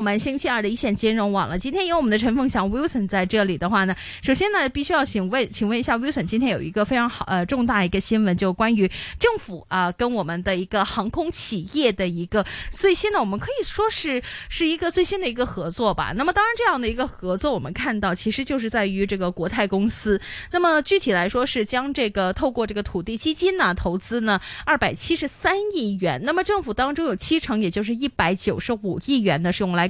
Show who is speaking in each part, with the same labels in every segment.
Speaker 1: 我們星期二的一線金融網了。今天有我們的陳鳳翔 Wilson 在這裏的話呢，首先呢，必須要請問，請問一下 Wilson，今天有一個非常好，呃，重大一個新聞，就關於政府啊跟我們的一個航空企業的一個最新呢，我們可以說是是一個最新的一個合作吧。那麼當然這樣的一個合作，我們看到其實就是在於這個國泰公司。那麼具體來說是將這個透過這個土地基金呢，啊，投資呢二百七十三億元。那麼政府當中有七成，也就是一百九十五億元呢是用來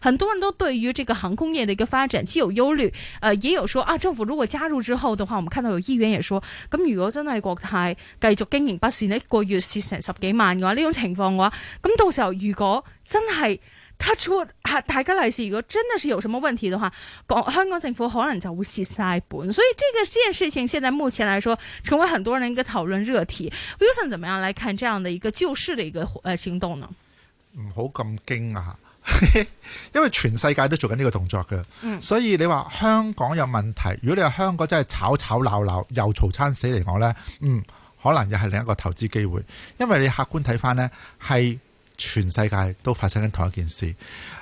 Speaker 1: 很多人都對於這個航空業的一個發展既有憂慮，呃、也有說啊，政府如果加入之後的話，我們看到有議員也說，咁如果真係國泰繼續經營不善，一個月蝕成十幾萬嘅話，呢種情況嘅話，咁到時候如果真係大家嚟，如果真係有什麼問題嘅話，香港政府可能就會蝕晒本。所以呢個件事情，現在目前來說，成為很多人一個討論熱題。Wilson，怎麼樣來看這樣的一個救市的一個行動呢？
Speaker 2: 唔好咁驚啊！
Speaker 1: 因為
Speaker 2: 全世界都做緊呢個動作嘅，嗯、所以你話香港有問題，如果你話香港真係炒炒鬧鬧又嘈餐死嚟，我呢，嗯，可能又係另一個投資機會。因為你客觀睇翻呢，係全世界都發生緊同一件事。誒、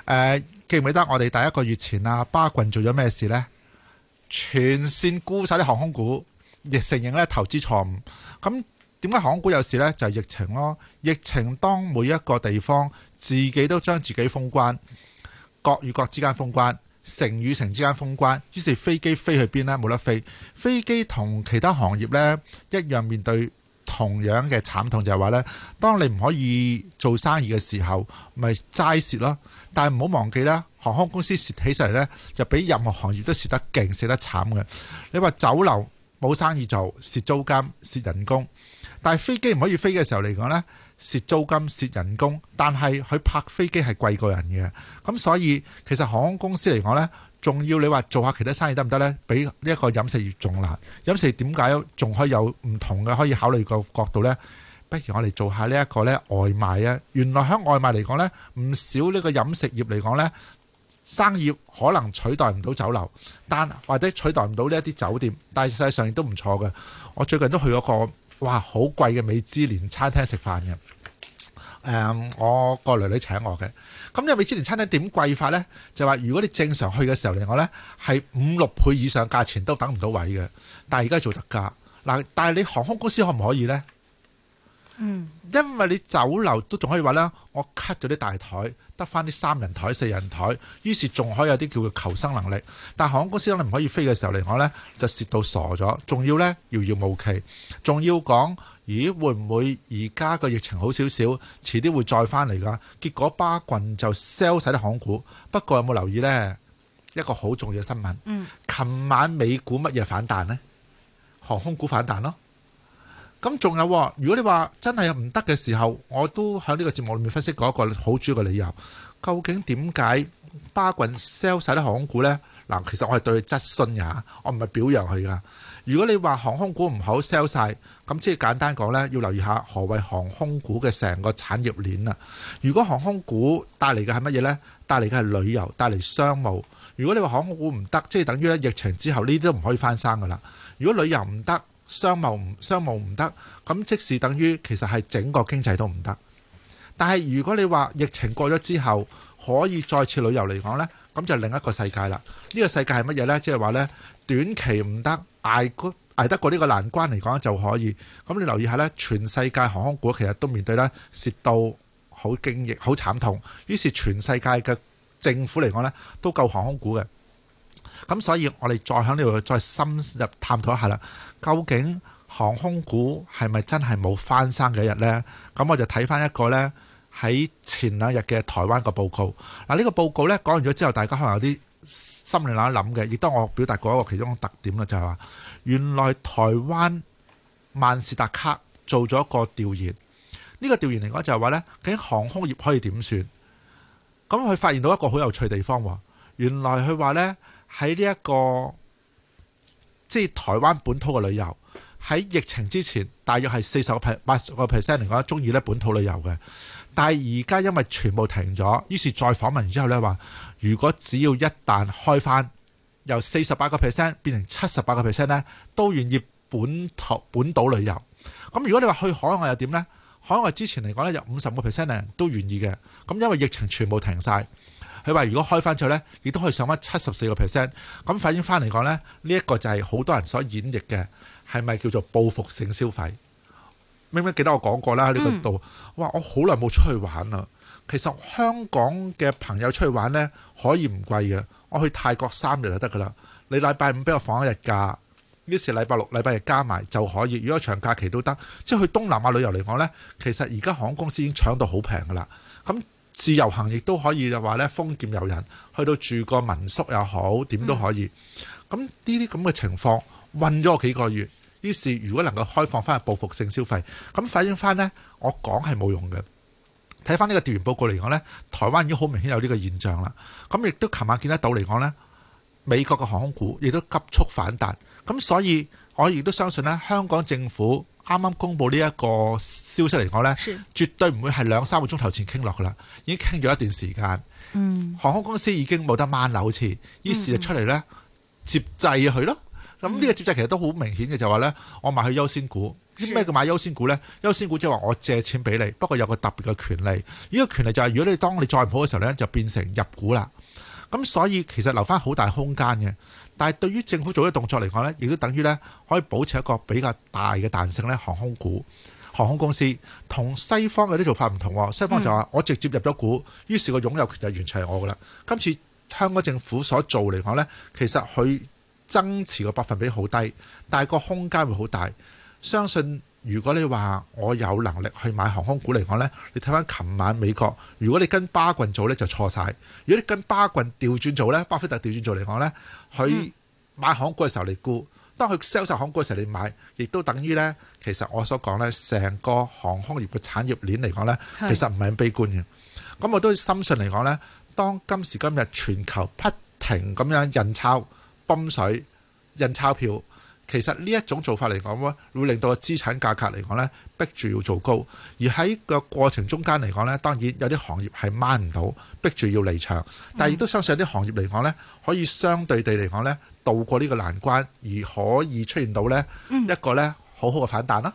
Speaker 2: 呃，記唔記得我哋第一個月前啊，巴郡做咗咩事呢？全線沽晒啲航空股，亦承認咧投資錯誤。咁、嗯。點解航空股有事呢？就係疫情咯。疫情當每一個地方自己都將自己封關，國與國之間封關，城與城之間封關。於是飛機飛去邊呢？冇得飛。飛機同其他行業呢一樣面對同樣嘅慘痛，就係話呢：當你唔可以做生意嘅時候，咪齋蝕咯。但係唔好忘記啦，航空公司蝕起上嚟呢，就比任何行業都蝕得勁、蝕得慘嘅。你話酒樓冇生意做，蝕租金、蝕人工。但係飛機唔可以飛嘅時候嚟講呢，蝕租金、蝕人工，但係佢拍飛機係貴過人嘅，咁所以其實航空公司嚟講呢，仲要你話做下其他生意得唔得呢？比呢一個飲食業仲難。飲食業點解仲可以有唔同嘅可以考慮個角度呢？不如我哋做下呢一個呢外賣啊！原來喺外賣嚟講呢，唔少呢個飲食業嚟講呢，生意可能取代唔到酒樓，但或者取代唔到呢一啲酒店，但係實際上亦都唔錯嘅。我最近都去咗個。哇，好貴嘅美芝蓮餐廳食飯嘅，誒、嗯，我個女女請我嘅。咁你美芝蓮餐廳點貴法呢？就話如果你正常去嘅時候嚟講呢係五六倍以上價錢都等唔到位嘅。但係而家做特價，嗱，但係你航空公司可唔可以呢？嗯，因為你酒樓都仲可以話咧，我 cut 咗啲大台，得翻啲三人台、四人台，於是仲可以有啲叫做求生能力。但航空公司可能唔可以飛嘅時候嚟講呢，就蝕到傻咗，仲要呢，遙遙無期，仲要講咦會唔會而家個疫情好少少，遲啲會再翻嚟噶？結果巴郡就 sell 晒啲航股。不過有冇留意呢？一個好重要嘅新聞。嗯，琴晚美股乜嘢反彈呢？航空股反彈咯。咁仲有，如果你話真係唔得嘅時候，我都喺呢個節目裏面分析過一個好主要嘅理由。究竟點解巴郡 sell 晒啲航空股呢？嗱，其實我係對佢質詢㗎，我唔係表揚佢噶。如果你話航空股唔好 sell 晒，咁即係簡單講呢，要留意下何謂航空股嘅成個產業鏈啦。如果航空股帶嚟嘅係乜嘢呢？帶嚟嘅係旅遊，帶嚟商務。如果你話航空股唔得，即係等於咧疫情之後呢啲都唔可以翻生㗎啦。如果旅遊唔得，商務唔商務唔得，咁即使等於其實係整個經濟都唔得。但係如果你話疫情過咗之後可以再次旅遊嚟講呢，咁就另一個世界啦。呢個世界係乜嘢呢？即係話呢，短期唔得，捱過捱得過呢個難關嚟講就可以。咁你留意下呢，全世界航空股其實都面對呢，蝕到好驚譚好慘痛。於是全世界嘅政府嚟講呢，都救航空股嘅。咁、嗯、所以，我哋再喺呢度再深入探討一下啦。究竟航空股係咪真係冇翻生嘅一日呢？咁、嗯、我就睇翻一個呢喺前兩日嘅台灣個報告。嗱、嗯，呢、這個報告呢，講完咗之後，大家可能有啲心裏諗諗嘅。亦都我表達過一個其中嘅特點啦，就係、是、話原來台灣萬事達卡做咗一個調研。呢、這個調研嚟講就係話呢，究竟航空業可以點算？咁、嗯、佢發現到一個好有趣的地方喎。原來佢話呢，喺呢一個即係台灣本土嘅旅遊，喺疫情之前大約係四十個 percent，嚟講中意咧本土旅遊嘅。但係而家因為全部停咗，於是再訪問之後呢，話，如果只要一旦開翻，由四十八個 percent 變成七十八個 percent 呢，都願意本土本島旅遊。咁如果你話去海外又點呢？海外之前嚟講呢，有五十個 percent 都願意嘅。咁因為疫情全部停晒。佢話：如果開翻出去呢，亦都可以上翻七十四個 percent。咁反映翻嚟講呢，呢一個就係好多人所演繹嘅，係咪叫做報復性消費？明明記得我講過啦，呢、呢個度、嗯，我話我好耐冇出去玩啦。其實香港嘅朋友出去玩呢，可以唔貴嘅。我去泰國三日就得噶啦。你禮拜五俾我放一日假，於是禮拜六、禮拜日加埋就可以。如果長假期都得，即係去東南亞旅遊嚟講呢，其實而家航空公司已經搶到好平噶啦。咁自由行亦都可以就話呢，封劍遊人去到住個民宿又好，點都可以。咁呢啲咁嘅情況韫咗我幾個月，於是如果能夠開放翻，報復性消費，咁反映翻呢，我講係冇用嘅。睇翻呢個調研報告嚟講呢，台灣已經好明顯有呢個現象啦。咁亦都琴晚見得到嚟講呢，美國嘅航空股亦都急速反彈，咁所以我亦都相信呢，香港政府。啱啱公布呢一個消息嚟講呢，絕對唔會係兩三個鐘頭前傾落噶啦，已經傾咗一段時間、嗯。航空公司已經冇得挽喇好似。於是就出嚟呢，接濟佢咯。咁、這、呢個接濟其實都好明顯嘅，就話呢：「我買佢優先股。咩叫買優先股呢？優先股即係話我借錢俾你，不過有個特別嘅權利。」呢、這個權利就係如果你當你再唔好嘅時候呢，就變成入股啦。咁、嗯、所以其實留翻好大空間嘅，但係對於政府做啲動作嚟講呢，亦都等於呢可以保持一個比較大嘅彈性呢。航空股航空公司同西方嘅啲做法唔同，西方就話我直接入咗股，於是個擁有權就完全係我㗎啦。今次香港政府所做嚟講呢，其實佢增持個百分比好低，但係個空間會好大，相信。如果你話我有能力去買航空股嚟講呢你睇翻琴晚美國，如果你跟巴郡做呢，就錯晒；如果你跟巴郡調轉做呢，巴菲特調轉做嚟講呢佢買航空股嘅時候你沽當佢銷售航空股嘅時候你買，亦都等於呢。其實我所講呢，成個航空業嘅產業鏈嚟講呢其實唔係咁悲觀嘅。咁我都深信嚟講呢當今時今日全球不停咁樣印鈔、泵水、印鈔票。其實呢一種做法嚟講，會令到個資產價格嚟講咧，逼住要做高。而喺個過程中間嚟講咧，當然有啲行業係掹唔到，逼住要離場。但係亦都相信有啲行業嚟講咧，可以相對地嚟講咧，渡過呢個難關，而可以出現到咧一個咧好好嘅反彈啦。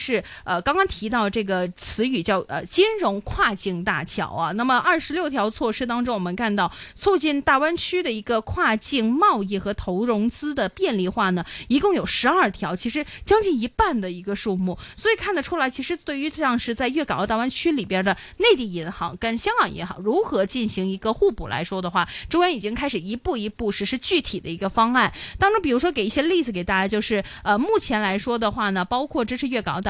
Speaker 1: 是呃，剛剛提到這個詞語叫呃金融跨境大橋啊。那麼二十六條措施當中，我們看到促進大灣區的一個跨境貿易和投融資的便利化呢，一共有十二條，其實將近一半的一個數目。所以看得出來，其實對於像是在粵港澳大灣區裏邊的內地銀行跟香港銀行如何進行一個互補來說的話，中央已經開始一步一步實施具體的一個方案。當中比如說給一些例子給大家，就是呃目前來說的話呢，包括支持粵港澳大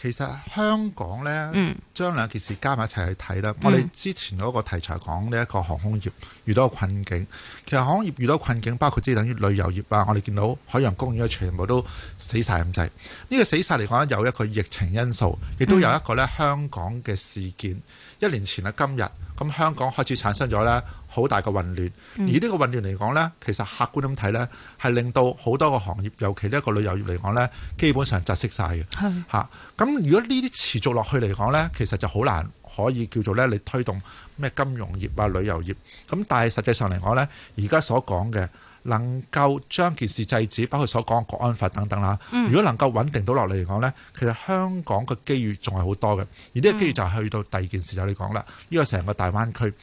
Speaker 1: 其實香港呢，嗯、
Speaker 2: 將兩件事加埋一齊去睇啦。嗯、我哋之前嗰個題材講呢一個航空業遇到個困境，其實航空業遇到困境，包括即等於旅遊業啊。我哋見到海洋公園都全部都死晒咁滯。呢、個死晒嚟講，有一個疫情因素，亦都有一個呢香港嘅事件。一年前啊，今日。咁香港開始產生咗呢好大嘅混亂，而呢個混亂嚟講呢，其實客觀咁睇呢，係令到好多個行業，尤其呢一個旅遊業嚟講呢，基本上窒息晒嘅。係吓。咁如果呢啲持續落去嚟講呢，其實就好難可以叫做呢你推動咩金融業啊、旅遊業，咁但係實際上嚟講呢，而家所講嘅。能夠將件事制止，包括所講國安法等等啦、嗯。如果能夠穩定到落嚟嚟講呢，其實香港嘅機遇仲係好多嘅。而呢個機遇就去到第二件事、嗯、就你講啦。呢、呢個成個大灣區，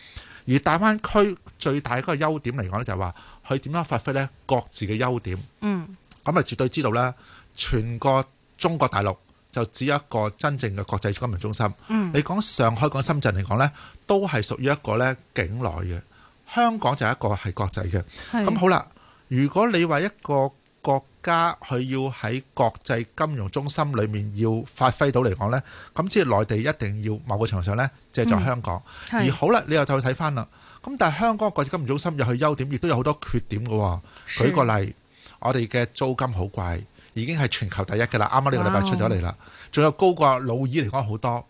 Speaker 2: 而大灣區最大嗰個優點嚟講呢，就係話佢點樣發揮呢各自嘅優點。咁、嗯、啊，你絕對知道咧，全個中國大陸就只有一個真正嘅國際金融中心。嗯、你講上海、講深圳嚟講呢，都係屬於一個呢境內嘅。香港就一個係國際嘅。咁好啦。如果你話一個國家佢要喺國際金融中心裏面要發揮到嚟講呢，咁即係內地一定要某個場合上呢借助香港。而好啦，你又再睇返啦。咁但係香港國際金融中心有佢優點，亦都有好多缺點嘅。舉個例，我哋嘅租金好貴，已經係全球第一嘅啦。啱啱呢個禮拜出咗嚟啦，仲有高過老二嚟講好多。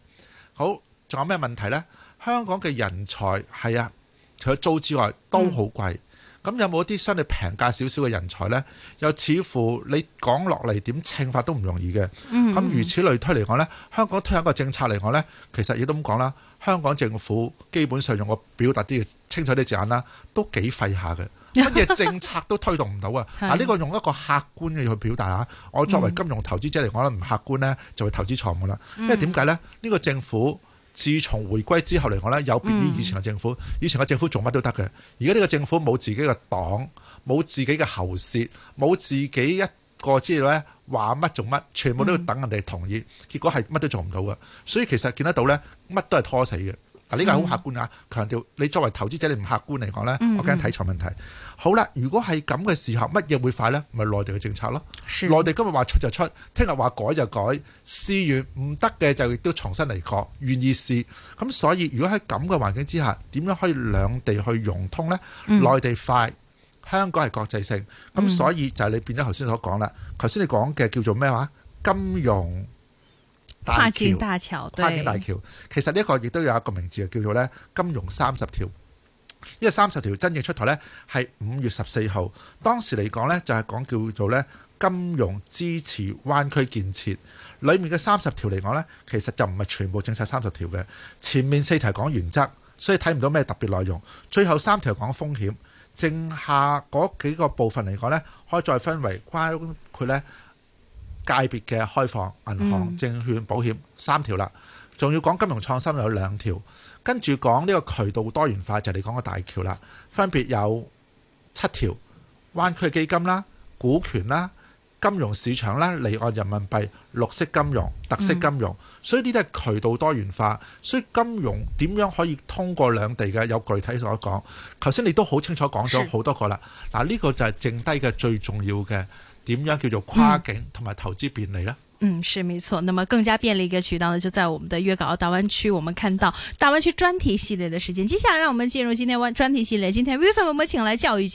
Speaker 2: 好，仲有咩問題呢？香港嘅人才係啊，除咗租之外都好貴。咁有冇啲相對平價少少嘅人才呢？又似乎你講落嚟點稱法都唔容易嘅。咁、嗯、如此類推嚟講呢，香港推行個政策嚟講呢，其實亦都咁講啦。香港政府基本上用個表達啲嘅清楚啲字眼啦，都幾費下嘅。乜嘢政策都推動唔到啊！啊 呢個用一個客觀嘅去表達啊，我作為金融投資者嚟講咧，唔客觀呢就會投資錯誤啦。因為點解呢？呢、呢個政府。自從回歸之後嚟講呢，有別於以前嘅政府，以前嘅政府做乜都得嘅。而家呢個政府冇自己嘅黨，冇自己嘅喉舌，冇自己一個知道呢，話乜做乜，全部都要等人哋同意，結果係乜都做唔到嘅。所以其實見得到呢，乜都係拖死嘅。嗱、啊，呢個係好客觀啊、嗯！強調你作為投資者，你唔客觀嚟講呢，我驚睇錯問題、嗯。好啦，如果係咁嘅時候，乜嘢會快呢？咪、就是、內地嘅政策咯。內地今日話出就出，聽日話改就改。試完唔得嘅就亦都重新嚟過，願意試。咁所以如果喺咁嘅環境之下，點樣可以兩地去融通呢？嗯、內地快，香港係國際性，咁所以就係你變咗頭先所講啦。頭先你講嘅叫做咩話金融？跨境大
Speaker 1: 橋，跨境大橋，大
Speaker 2: 橋其實呢一個亦都有一個名字，叫做呢金融三十條。呢個三十條真正出台呢，係五月十四號。當時嚟講呢，就係講叫做呢金融支持灣區建設。裡面嘅三十條嚟講呢，其實就唔係全部政策三十條嘅。前面四條講原則，所以睇唔到咩特別內容。最後三條講風險，剩下嗰幾個部分嚟講呢，可以再分為包括呢。界別嘅開放，銀行、證券、保險三條啦，仲要講金融創新有兩條，跟住講呢個渠道多元化就係你講個大橋啦，分別有七條，灣區基金啦、股權啦、金融市場啦、離岸人民幣、綠色金融、特色金融，所以呢啲係渠道多元化，所以金融點樣可以通過兩地嘅有具體所講，頭先你都好清楚講咗好多個啦，嗱呢個就係剩低嘅最重要嘅。點樣叫做跨境同埋投資便利呢？
Speaker 1: 嗯，是，沒錯。那麼更加便利一個渠道呢？就在我們的粵港澳大灣區。我們看到大灣區專題系列的時間，接下來讓我們進入今天專題系列。今天 Wilson，我們請來教育。